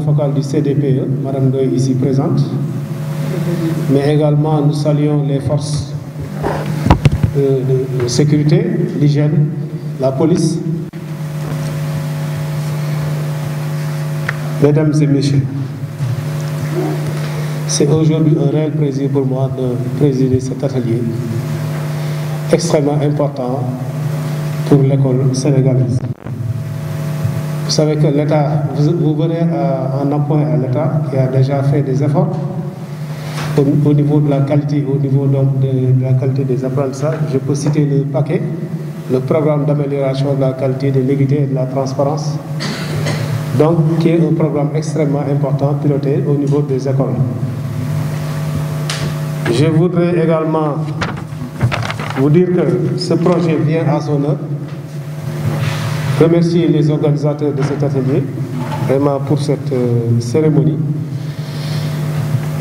Focal du CDPE, Madame Doy ici présente, mais également nous saluons les forces de, de sécurité, l'hygiène, la police. Mesdames et messieurs, c'est aujourd'hui un réel plaisir pour moi de présider cet atelier extrêmement important pour l'école sénégalaise. Vous savez que l'État, vous, venez euh, en appoint à l'État qui a déjà fait des efforts au, niveau de la qualité, au niveau donc de, la qualité des apprentissages. Je peux citer le paquet, le programme d'amélioration de la qualité de l'équité et de la transparence, donc qui est un programme extrêmement important piloté au niveau des écoles. Je voudrais également vous dire que ce projet vient à son heure je remercie les organisateurs de cet atelier, vraiment pour cette euh, cérémonie.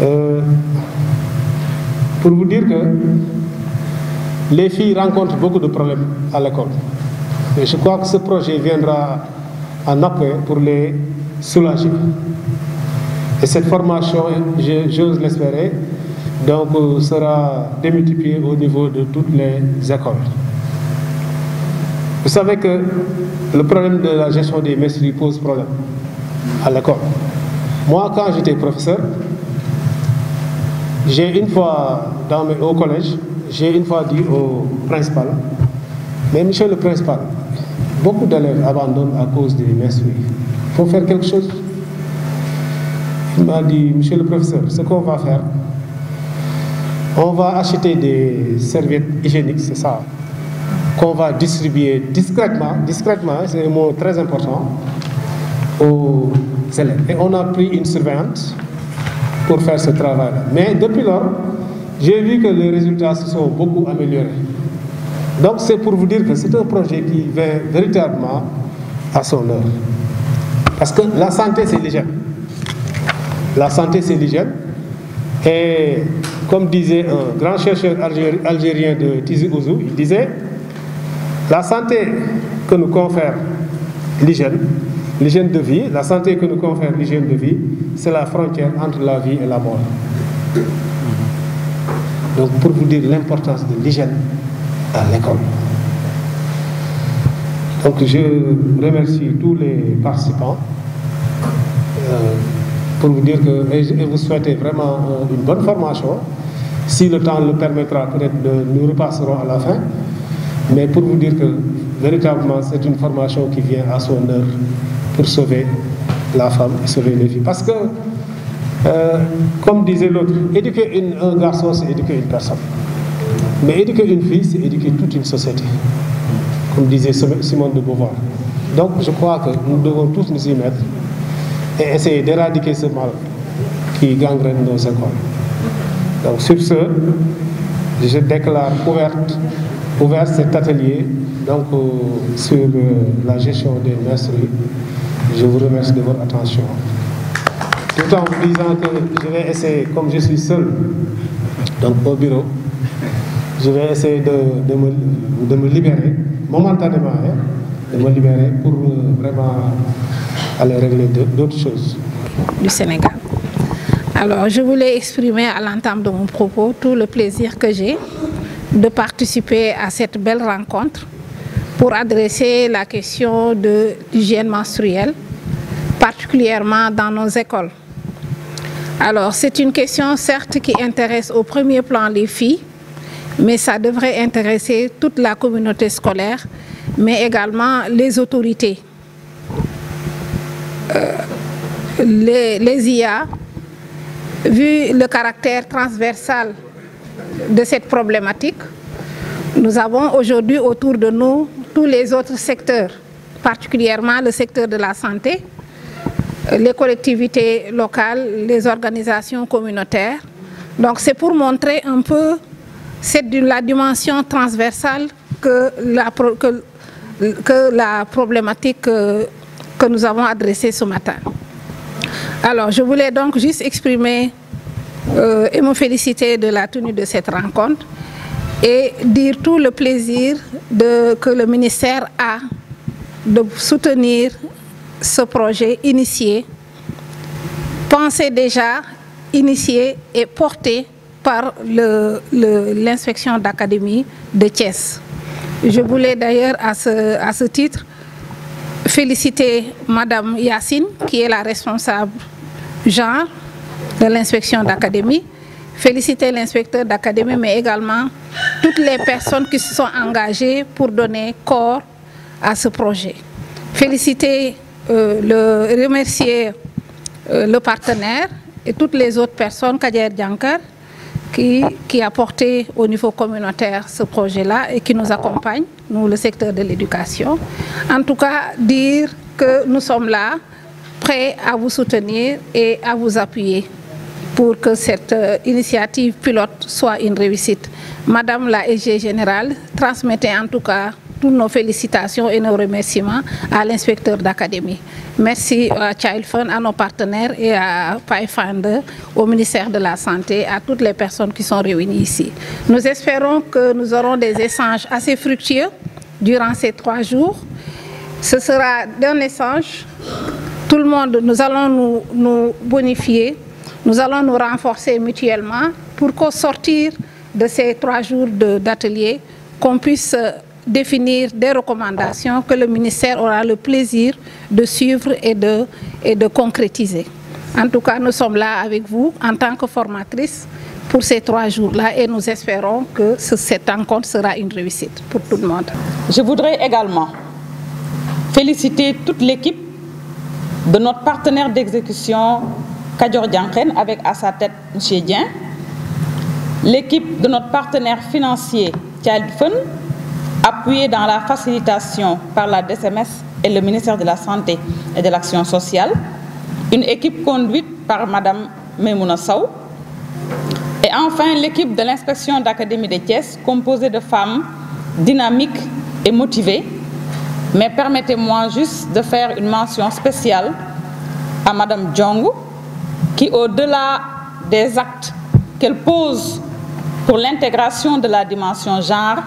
Euh, pour vous dire que les filles rencontrent beaucoup de problèmes à l'école. Et je crois que ce projet viendra en appui pour les soulager. Et cette formation, j'ose l'espérer, donc euh, sera démultipliée au niveau de toutes les écoles. Vous savez que le problème de la gestion des messes pose problème à ah, l'école. Moi, quand j'étais professeur, j'ai une fois, au collège, j'ai une fois dit au principal, mais monsieur le principal, beaucoup d'élèves abandonnent à cause des messes Il faut faire quelque chose. Il m'a dit, monsieur le professeur, ce qu'on va faire, on va acheter des serviettes hygiéniques, c'est ça, qu'on va distribuer discrètement, discrètement, c'est un mot très important, aux élèves. Et on a pris une surveillante pour faire ce travail. Mais depuis lors, j'ai vu que les résultats se sont beaucoup améliorés. Donc c'est pour vous dire que c'est un projet qui vient véritablement à son heure. Parce que la santé, c'est l'hygiène. La santé, c'est l'hygiène. Et comme disait un grand chercheur algérien de Tizi Ouzou, il disait la santé que nous confère l'hygiène, l'hygiène de vie, la santé que nous confère l'hygiène de vie, c'est la frontière entre la vie et la mort. Donc pour vous dire l'importance de l'hygiène à l'école. Donc je remercie tous les participants euh, pour vous dire que et vous souhaitez vraiment euh, une bonne formation. Si le temps le permettra, peut-être euh, nous repasserons à la fin. Mais pour vous dire que véritablement, c'est une formation qui vient à son heure pour sauver la femme et sauver les filles. Parce que, euh, comme disait l'autre, éduquer un garçon, c'est éduquer une personne. Mais éduquer une fille, c'est éduquer toute une société. Comme disait Simone de Beauvoir. Donc, je crois que nous devons tous nous y mettre et essayer d'éradiquer ce mal qui gangrène nos écoles. Donc, sur ce, je déclare ouverte ouvert cet atelier donc, euh, sur euh, la gestion des nurseries. Je vous remercie de votre attention. Tout en vous disant que je vais essayer, comme je suis seul donc au bureau, je vais essayer de, me, libérer, momentanément, hein, de me libérer pour euh, vraiment aller régler d'autres choses. Du Sénégal. Alors, je voulais exprimer à l'entame de mon propos tout le plaisir que j'ai de participer à cette belle rencontre pour adresser la question de l'hygiène menstruelle, particulièrement dans nos écoles. Alors, c'est une question certes qui intéresse au premier plan les filles, mais ça devrait intéresser toute la communauté scolaire, mais également les autorités. Euh, les IA, vu le caractère transversal de cette problématique. Nous avons aujourd'hui autour de nous tous les autres secteurs, particulièrement le secteur de la santé, les collectivités locales, les organisations communautaires. Donc c'est pour montrer un peu la dimension transversale que la, problématique que, que nous avons adressée ce matin. Alors je voulais donc juste exprimer euh, et me féliciter de la tenue de cette rencontre et dire tout le plaisir que le ministère a de soutenir ce projet initié, pensé déjà, initié et porté par l'inspection d'académie de Thiès. Je voulais d'ailleurs à ce, titre féliciter Madame Yacine, qui est la responsable genre, de l'inspection d'académie, féliciter l'inspecteur d'académie, mais également toutes les personnes qui se sont engagées pour donner corps à ce projet. Féliciter, euh, le, remercier euh, le partenaire et toutes les autres personnes, Kadir Djankar, qui, qui a porté au niveau communautaire ce projet-là et qui nous accompagne, nous, le secteur de l'éducation. En tout cas, dire que nous sommes là, prêts à vous soutenir et à vous appuyer pour que cette euh, initiative pilote soit une réussite. Madame la EG générale, transmettez en tout cas toutes nos félicitations et nos remerciements à l'inspecteur d'académie. Merci à Child Fund, à nos partenaires et à Pathfinder, au ministère de la Santé, à toutes les personnes qui sont réunies ici. Nous espérons que nous aurons des échanges assez fructueux durant ces trois jours. Ce sera d'un échange. Tout le monde, nous allons nous bonifier nous allons nous renforcer mutuellement pour qu'au sortir de ces trois jours d'atelier, qu'on puisse euh, définir des recommandations que le ministère aura le plaisir de suivre et de, et de concrétiser. En tout cas, nous sommes là avec vous en tant que formatrice pour ces trois jours-là et nous espérons que ce, cette rencontre sera une réussite pour tout le monde. Je voudrais également féliciter toute l'équipe de notre partenaire d'exécution Kadior Djanken avec à sa tête M. Dien, l'équipe de notre partenaire financier Fund, appuyée dans la facilitation par la DSMS et le ministère de la Santé et de l'Action sociale, une équipe conduite par Mme Memouna et enfin l'équipe de l'inspection d'Académie des Thiès, composée de femmes dynamiques et motivées. Mais permettez-moi juste de faire une mention spéciale à Mme Djongo qui, au-delà des actes qu'elle pose pour l'intégration de la dimension genre,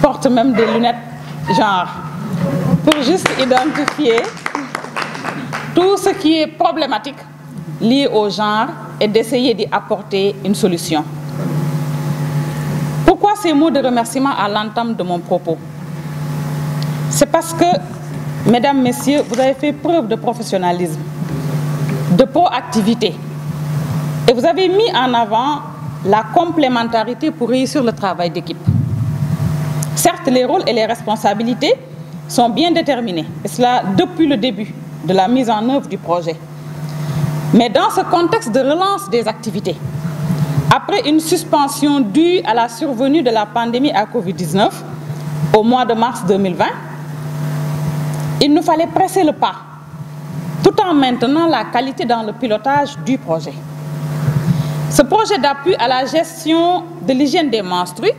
porte même des lunettes genre, pour juste identifier tout ce qui est problématique lié au genre et d'essayer d'y apporter une solution. Pourquoi ces mots de remerciement à l'entame de mon propos C'est parce que, mesdames, messieurs, vous avez fait preuve de professionnalisme de proactivité. Et vous avez mis en avant la complémentarité pour réussir le travail d'équipe. Certes, les rôles et les responsabilités sont bien déterminés, et cela depuis le début de la mise en œuvre du projet. Mais dans ce contexte de relance des activités, après une suspension due à la survenue de la pandémie à Covid-19 au mois de mars 2020, il nous fallait presser le pas tout en maintenant la qualité dans le pilotage du projet. Ce projet d'appui à la gestion de l'hygiène des menstrues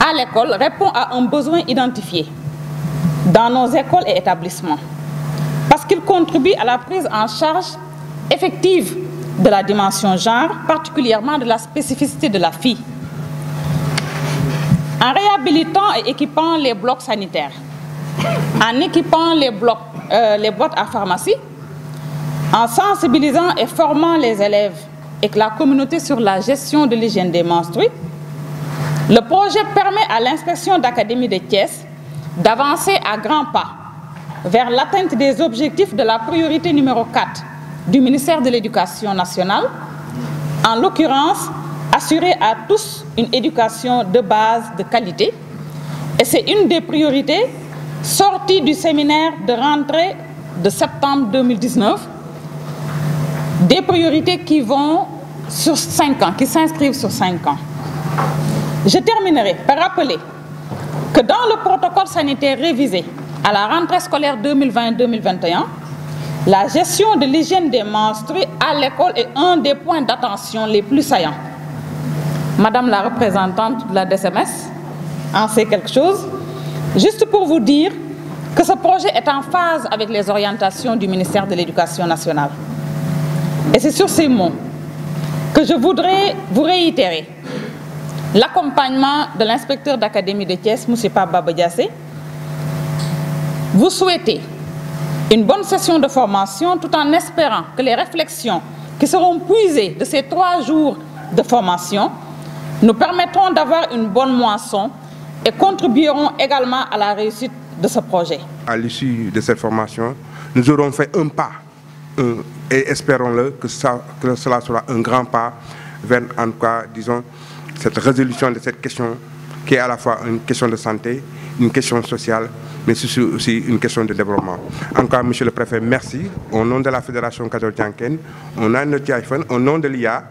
à l'école répond à un besoin identifié dans nos écoles et établissements parce qu'il contribue à la prise en charge effective de la dimension genre, particulièrement de la spécificité de la fille. En réhabilitant et équipant les blocs sanitaires, en équipant les, euh, les boîtes à pharmacie, en sensibilisant et formant les élèves et la communauté sur la gestion de l'hygiène des menstrues, le projet permet à l'inspection d'académie de Thiès d'avancer à grands pas vers l'atteinte des objectifs de la priorité numéro 4 du ministère de l'Éducation nationale, en l'occurrence assurer à tous une éducation de base de qualité. Et c'est une des priorités sorties du séminaire de rentrée de septembre 2019 des priorités qui vont sur cinq ans, qui s'inscrivent sur cinq ans. Je terminerai par rappeler que dans le protocole sanitaire révisé à la rentrée scolaire 2020-2021, la gestion de l'hygiène des menstrues à l'école est un des points d'attention les plus saillants. Madame la représentante de la DSMS en sait quelque chose. Juste pour vous dire que ce projet est en phase avec les orientations du ministère de l'Éducation nationale. Et c'est sur ces mots que je voudrais vous réitérer l'accompagnement de l'inspecteur d'académie de Thiès, M. Pabba Diassé. Vous souhaitez une bonne session de formation tout en espérant que les réflexions qui seront puisées de ces trois jours de formation nous permettront d'avoir une bonne moisson et contribueront également à la réussite de ce projet. À l'issue de cette formation, nous aurons fait un pas euh, et espérons-le que, cela sera un grand pas vers, en disons, cette résolution de cette question qui est à la fois une question de santé, une question sociale, mais aussi une question de développement. Encore, Monsieur le Préfet, merci. Au nom de la Fédération catholique on a notre iPhone, au nom de l'IA,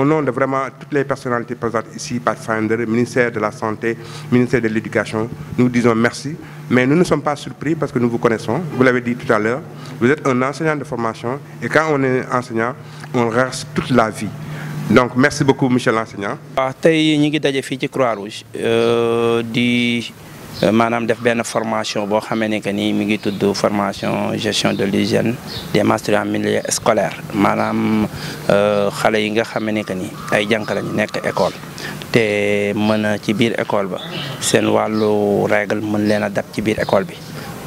au nom de vraiment toutes les personnalités présentes ici, Pathfinder, ministère de la Santé, ministère de l'Éducation, nous disons merci. Mais nous ne sommes pas surpris parce que nous vous connaissons. Vous l'avez dit tout à l'heure, vous êtes un enseignant de formation et quand on est enseignant, on reste toute la vie. donc merci beaucoup Michel l'enseignant. Ah, Euh, maanaam def benn formation boo xamee ne que ni mu ngi tudd formation gestion de l'hygiène des mastures en milieu scolaire maanaam euh, xale yi nga xamee ne que ni ay jànk lañu nekk école te mën a ci biir école ba seen wàllu règle mën leen a dab ci biir école bi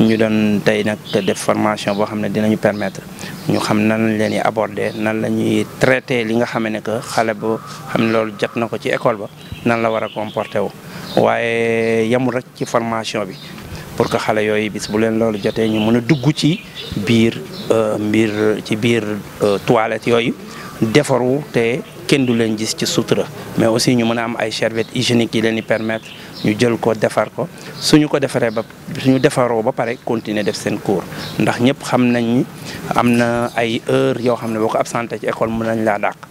ñu doon tey nag def formation boo xam ne dinañu permettre ñu xam nan leen di aborder nan la ñuy traiter li nga xamee ne que xale bu xam ne loolu jot na ko ci école ba nan la war a comporté wu waaye yemul rek ci formation bi pour que xale yooyu bis bu leen loolu jotee ñu mën a dugg ci biir euh, mbir ci biir euh, toilette yooyu defaru te kenn du leen gis ci sutura mais aussi ñu mën a am ay serviettes hygiéniques yi leen di permettre ñu jël ko defar ko suñu ko defaree ba suñu defaroo ba pare continuer def seen cours ndax ñëpp xam nañ ni am na ay heures yoo xam ne boo ko absenté ci école mën nañ laa dàq.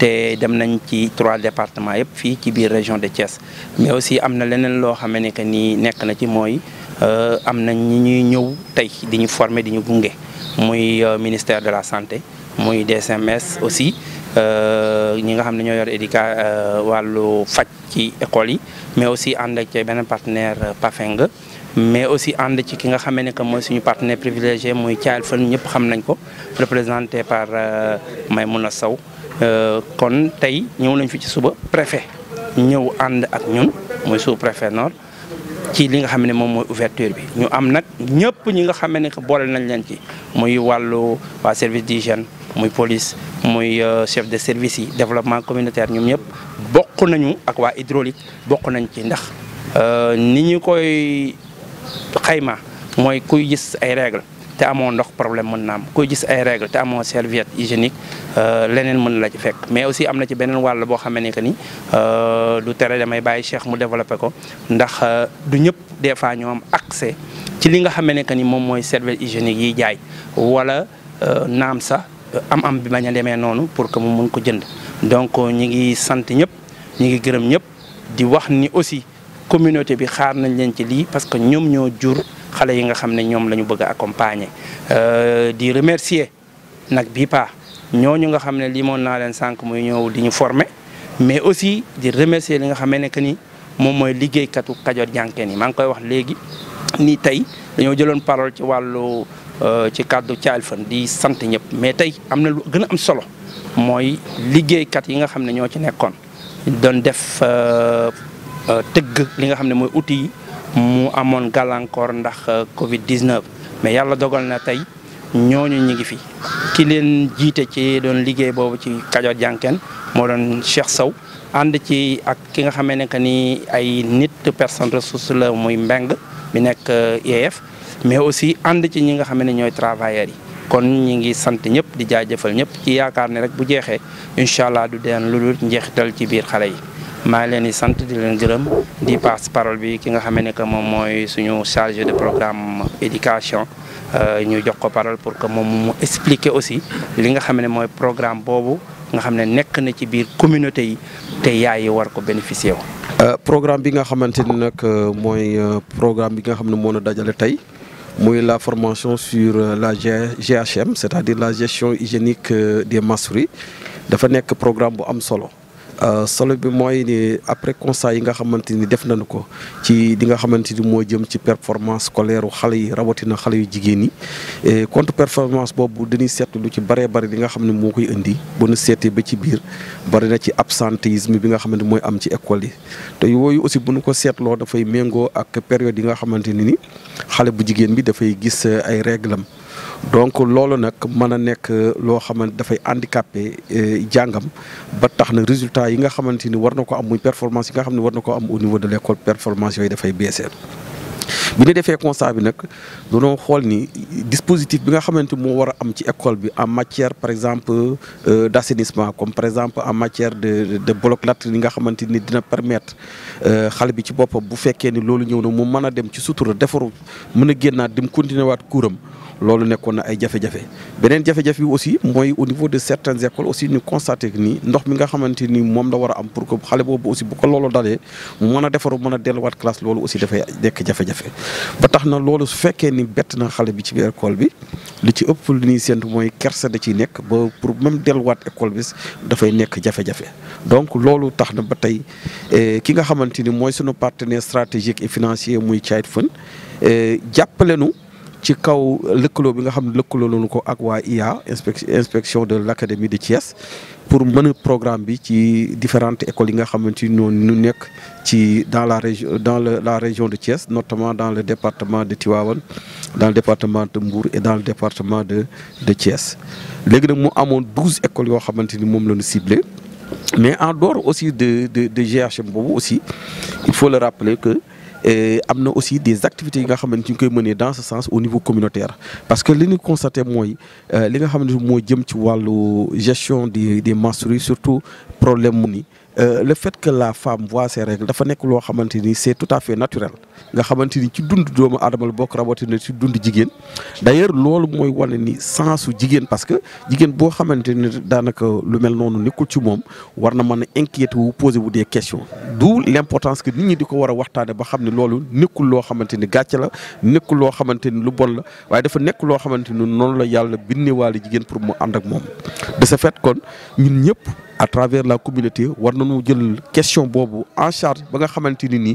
te dem nañ ci trois départements yëpp fii ci biir région de Thiès mais aussi amna na leneen loo xam que ni nek na ci moy euh amna ñi ñuy ñëw tay diñu former diñu gungé moy euh, ministère de la santé moy DSMS aussi euh, ñi nga xamné ne ñoo yor éduca euh, walu faj ci école yi mais aussi and ak ci beneen partenaire Pafeng mais aussi and ci ki nga xamné ne que mooy suñu partenaire privilégié moy Thial fan ñëpp xam nañ ko représenté par Maymouna Sow Euh, kon tey ñëw nañ fi ci suba préfet ñëw ànd ak ñun mooy sous préfet nord ci li nga xam ne moom mooy ouverture bi ñu am nag ñëpp ñi nga xam ne booleel nañ leen ci muy wàllu waa service di d'hygiène muy police muy euh, chef de service yi développement communautaire ñoom ñëpp bokk nañu ak waa hydraulique bokk nañ ci ndax euh, ni ñu koy xayma mooy kuy gis ay règles té amoo ndox problème mën na am kuy gis ay règle té amoo serviette hygiénique euh lénen mën la ci fekk mais aussi amna ci benen wàll bo xamné que ni euh du téré damay baye Cheikh mu développer ko ndax euh, du ñëpp des fois ñu am accès ci li nga xamné que ni mom moy serviette hygiénique yi jaay wala euh naam sa euh, am am bi bañ a demee noonu pour que mu mën ko jënd donc euh, ñi ngi sante ñëpp ñi ngi gërëm ñëpp di wax ni aussi communauté bi xaar nañ leen ci li parce que ñom ñoo jur xalé yi nga xamné ñom lañu la bëgg a euh di remercier nag bii paa ñooñu nga xamné limon na naa leen sànq muy ñëw di ñu former mais aussi di remercier li nga xam ne que ni moom mooy liggéeykatu Kajoor Jànkeen yi maa ngi koy wax légui ni tay dañu jëlone parole ci wàllu euh, ci kàddu caal fan di sante ñep mais tay amna lu gëna am solo liggéey kat yi nga xamné ne ñoo ci nekkon don def teug euh, li nga xamné moy outil mu amoon gàllankoor ndax euh, Covid 19 mais yàlla dogal na tey ñooñu ñu ngi fi ki leen jiite ci doon liggéey boobu ci Kajoor Jànken moo doon Cheikh Sow ànd ci ak ki nga xamee ne que ni ay nit personne ressource la muy mbeng bi nekk IEF euh, e mais aussi ànd ci ñi nga xam ne ñooy travailleurs yi. kon ñi ngi sant ñëpp di jaajëfal ñëpp ci yaakaar ne rek bu jeexee incha allah du deen lu dul njeexital ci biir xale yi. maa ngi leen di sant di leen gërëm di passe parole bi ki nga xam ne que mom moy suñu chargé de programme éducation euh, ñu jox ko parole pour que mom mu expliquer aussi li nga xam ne programme bobu nga xamné nek na ci biir communauté yi te yaay yi war ko bénéficier wu. Euh, programme bi nga xamante nak euh, moy programme bi nga xamné ne moo na dajale tey. muy la formation sur la GHM c'est-à-dire la gestion hygiénique des masseries dafa nek programme bu am solo Euh, solo bi mooy ni après constat yi nga xamante ni def nañu ko ci di nga xamante ni moo jëm ci performance scolaire u xale yi rawatina xale yu jigéen yi et contre performance boobu dañuy seetlu lu ci bëree bëri li nga xam ne moo koy indi bu ñu seetee ba ci biir bëri na ci absentéisme bi nga xamante mooy am ci école yi te wooyu aussi bu ñu ko seetloo dafay méngoo ak période yi nga xamante ni xale bu jigéen bi dafay gis ay réglam donc loolu nag mën a nekk loo xamante dafay handicapé euh, jàngam ba tax na résultat yi nga xamante ni war na ko am muy performance yi nga xam ne war na ko am au niveau de l' école performance yooyu dafay baissé bi ñu defee constat bi nag dañoo xool ni dispositif bi nga xamante moo war a am ci école bi en matière par exemple euh, d' comme par exemple en matière de de bloc nga xamante ni dina permettre euh, xale bi ci boppam bu fekkee ni loolu ñëw na mu mën a dem ci sutura defaru mën a génnaat dem continuer waat loolu nekkoon na ay jafe-jafe beneen jafe-jafe bi aussi mooy au niveau de certaines écoles aussi ñu constaté que ni ndox mi nga xamante ni moom la war am pour que xale boobu aussi bu ko loolu dalee mën a defaru mën a delluwaat classe loolu aussi dafay nekk jafe-jafe ba tax na loolu su fekkee ni bett na xale bi ci biir école bi li ci ëpp lu ñuy séntu mooy kersa da ciy nekk ba pour même delluwaat école bis dafay nekk jafe-jafe donc loolu tax na ba tey eh, ki nga xamante ni mooy sunu partenaire stratégique et financier muy Child Fund eh, jàppale nu ci kaw l'école, bi nga inspection de l'académie de Thiès pour mener programme bi ci différentes écoles yi nga dans la région dans la région de Thiès notamment dans le département de Tivaouane dans le département de Mbour et dans le département de de Thiès Nous avons 12 écoles qui xamante ni mais en dehors aussi de de GHM aussi il faut le rappeler que et amener aussi des activités qui nga menées dans ce sens au niveau communautaire parce que ce que nous constatons, c'est que nous avons jëm ci la gestion des des surtout surtout problème Euh, le fait que la femme voit ses règles dafa nekk loo xamante ni c'est tout à fait naturel nga xamante ni ci dund doomu aadama la bokk rawatina ci dund jigéen d'ailleurs loolu mooy wane ni sensu jigéen parce que jigéen boo xamante ni daanaka lu mel noonu nekkul ci moom war na mën a inquiéter wu poser wu dee question d'où l'importance que nit ñi di ko war a waxtaane ba xam ne loolu nekkul loo xamante ni gàcce la nekkul loo xamante ni lu bon la waaye dafa nekk loo xamante ni noonu la yàlla bindewaale jigéen pour mu ànd ak moom de ce fait kon ñun à travers la communauté on nañu jël question boobu en charge ba nga communauté. ni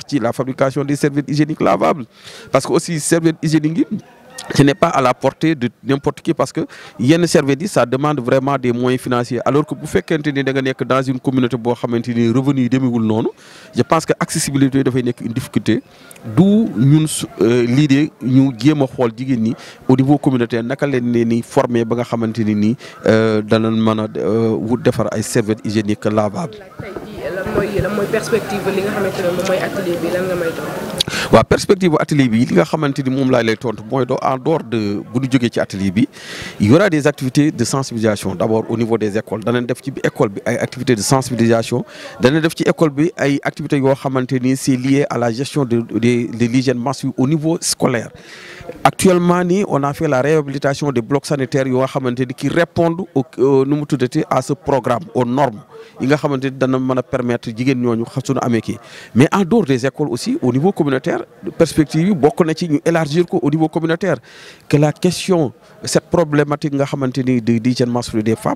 la fabrication des serviettes hygiéniques lavables parce que aussi serviettes hygiéniques ce n'est pas à la portée de n'importe qui parce que yenn serviette ça demande vraiment des moyens financiers alors que vous faites ni da dans une communauté boo xamante revenu de demewul je pense que l'accessibilité devient une difficulté d'où euh, l'idée nous jéem mon au niveau communautaire nous leen les ni former ba nga xamante ni nii euh, danañ euh, serviettes hygiéniques lavables la perspective li nga xamante atelier bi la perspective atelier bi li nga xamante ni moom en dehors de atelier bi il y aura des activités de sensibilisation D'abord au niveau des écoles Dans def ci école bi ay activités de sensibilisation Dans def ci école bi ay activités yoo xamante lié à la gestion de de de menstruelle au niveau scolaire actuellement on a fait la réhabilitation des blocs sanitaires qui répondent au à ce programme aux normes yi nga permettre ñooñu mais en dehors des écoles aussi au niveau communautaire perspective est élargie élargir au niveau communautaire que la question cette problématique nga de des femmes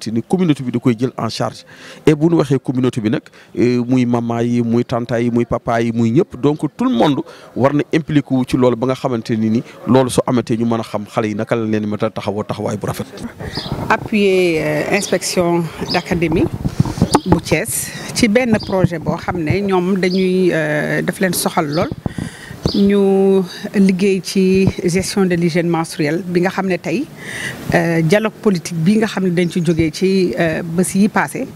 c'est la communauté bi da en charge et bu nous waxee communauté bi nag e, muy mama yi muy tanta yi papa yi muy donc tout le monde war impliqué ba nga xamante ni ni loolu su amatee ñu mën a xam xale yi naka la leen mën a taxawoo taxawaay bu rafet. appuyer euh, inspection d'académie bu Thiès ci benn projet boo xam ne ñoom dañuy euh, daf leen soxal lool. ñu liggéey ci gestion de l'hygiène menstruelle bi nga xamné tay euh, dialogue politique bi nga xamné dañ ci jógee ci euh, bëss yi passé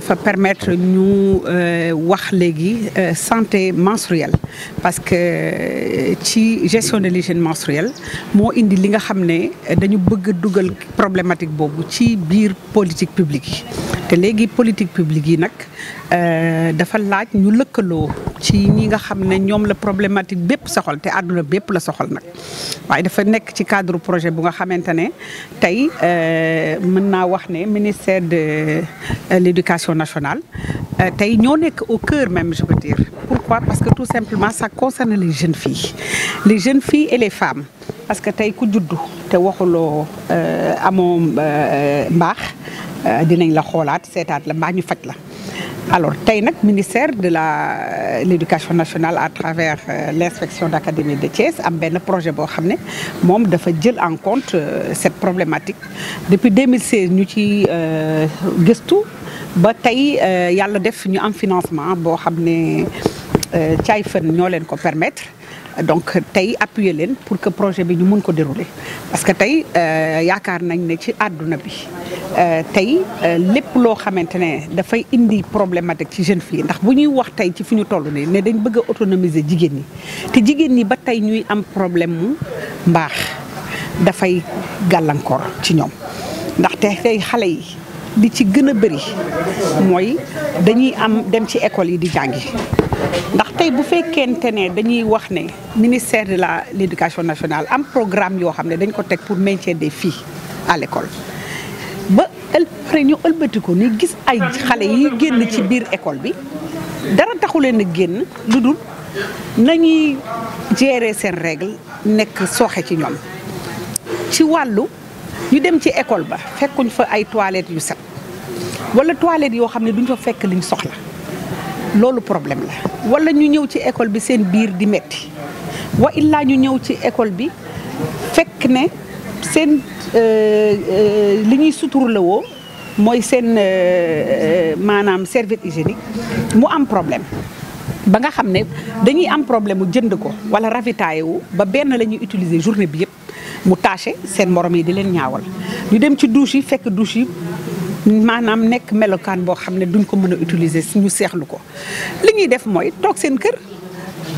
fa permettre ñu euh, wax léegi santé menstruelle parce que ci gestion de l'hygiène menstruelle mo indi li nga xamné dañu bëgg duggal problématique bobu ci biir politique publique té te léegi politique publique yi nag dafa laaj ñu lëkkaloo ci ñi nga xamné ñom ñoom la Fatick bépp soxal té aduna bépp la soxal nag waaye dafa nek ci cadre projet bu nga xamante tay euh mën wax né ministère de euh, l'éducation nationale euh, tay ño au cœur même je veux dire pourquoi parce que tout simplement ça concerne les jeunes filles les jeunes filles et les femmes parce que tay ku waxulo euh waxuloo euh, euh mbaax dinañ la c'est seetaat la mbaa ñu faj la alors le ministère de euh, l'éducation nationale à travers euh, l'inspection d'académie de Thiès a un projet qui de fait en compte euh, cette problématique depuis 2016 nous avons fait un financement pour permettre donc tay appuyer len pour que projet bi ñu mëne ko dérouler parce que tey euh, yaakaar nañ ne ci aduna bi euh, tay euh, lepp lo xamantene da fay indi problématique ci jeune fille ndax bu ñuy wax tay ci fiñu tollu toll nii ne dañ bëgg autonomiser jigen ni té jigen ni ba tay ñuy am problème mu da fay gàllankoor ci ñom ndax té tay xalé yi di ci gëna bëri moy dañuy am dem ci école yi di jàngi ndax tey bu fekkente ne dañuy wax ne ministère de la l' éducation nationale am programme yoo xam ne dañ ko teg pour maintien des fii à l' ba ëlpare ñu ëlbati ko ni gis ay xale yi génn ci biir école bi dara taxu leen a génn lu dul nañuy gérer seen règle nekk sooxe ci ñoom ci wàllu ñu dem ci école ba fekkuñ fa ay toilettes yu set wala toilettes yoo xam ne duñ fa fekk liñ soxla loolu problème la wala ñu ñëw ci école bi seen biir di metti wa illaa ñu ñëw ci école bi fekk ne seen euh, euh, li ñuy woo mooy seen euh, maanaam serviette hygiénique mu am problème ba nga xam ne dañuy am problème mu jënd ko wala ravitaillé wu ba benn la ñuy utiliser journée bi yëpp mu taché seen morom yi di leen ñaawal ñu dem ci douche fekk douche maanaam nekk melokaan boo xam ne duñ ko mën a utiliser suñu seexlu ko li ñuy def mooy toog seen kër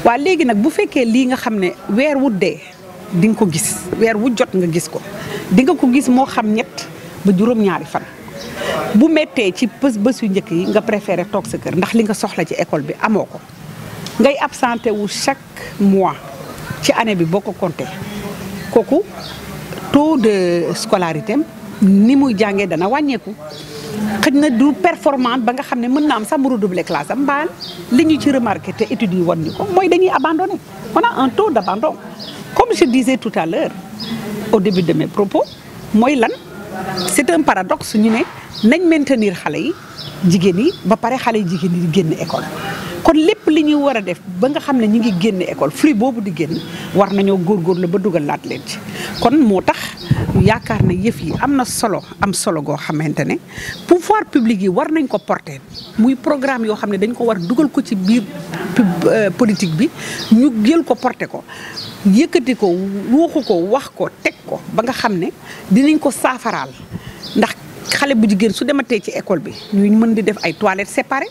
waa léegi nag bu fekkee lii nga xam ne weer wu dee di nga ko gis weer wu jot nga gis ko di nga ko gis moo xam ñett ba juróom-ñaari fan bu méttee ci bés bés yu njëkk yi nga préféré toog sa kër ndax li nga soxla ci école bi amoo ko ngay absenté wu chaque mois ci année bi boo ko compté kooku taux de scolarité ni muy jàngee dana wàññeeku xëj du performance, ba nga xamné ne mën na am sax mu redoubler classe am mbaal li ñu ci remarqué te étude yi wan ñu ko mooy dañuy abandonné on a un taux d' abandon comme je disais tout à l'heure au début de mes propos mooy lan c' est un paradoxe ñu ne nañ maintenir xale yi jigéen yi ba pare xale yi jigéen yi génn école kon lépp li ñuy war a def ba nga xam ne ñu ngi génn école flux boobu di génn war nañoo góor góorgóorlu ba dugal laat leen ci kon moo tax yaakaar na yëf yi am na solo am solo goo xamante ne pouvoir public yi war nañ ko porter muy programme yoo xam ne dañ ko war dugal ko ci biir euh, politique bi ñu jël ko porter ko yëkkati ko ruuxu ko wax ko teg ko ba nga xam ne dinañ ko saafaraal ndax xale bu jigéen su dematee ci école bi ñuy mën di def ay toilettes séparées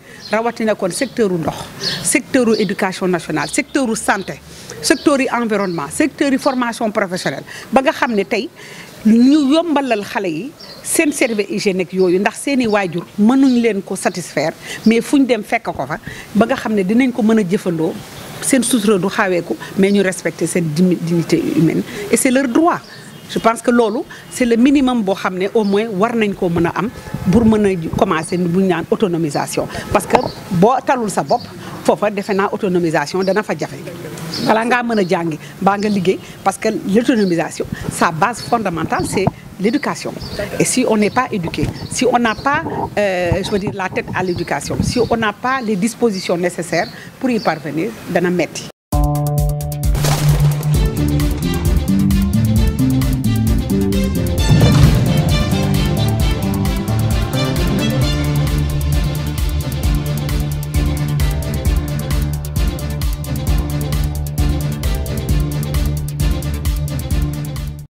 rawatina kon secteur ndox secteur éducation nationale secteur santé secteur environnement secteur formation professionnelle ba nga xamné tay ñu yombalal xalé yi seen service hygiénique yoyu ndax seen wajur mënuñ leen ko satisfaire mais fuñ dem fekk ko fa ba nga xamné dinañ ko mëna jëfëndo jëfandoo seen sutura du ko mais ñu respecter cette dignité humaine et c'est leur droit je pense que lolu c'est le minimum qu'on xamné au moins war nañ am pour commencer bu autonomisation parce que si talul sa bop pas defe naa autonomisation dana fa jafe wala nga mën jangi nga parce que l'autonomisation sa base fondamentale c'est l'éducation. Et si on n'est pas éduqué, si on n'a pas, euh, je veux dire, la tête à l'éducation, si on n'a pas les dispositions nécessaires pour y parvenir, dans va métier.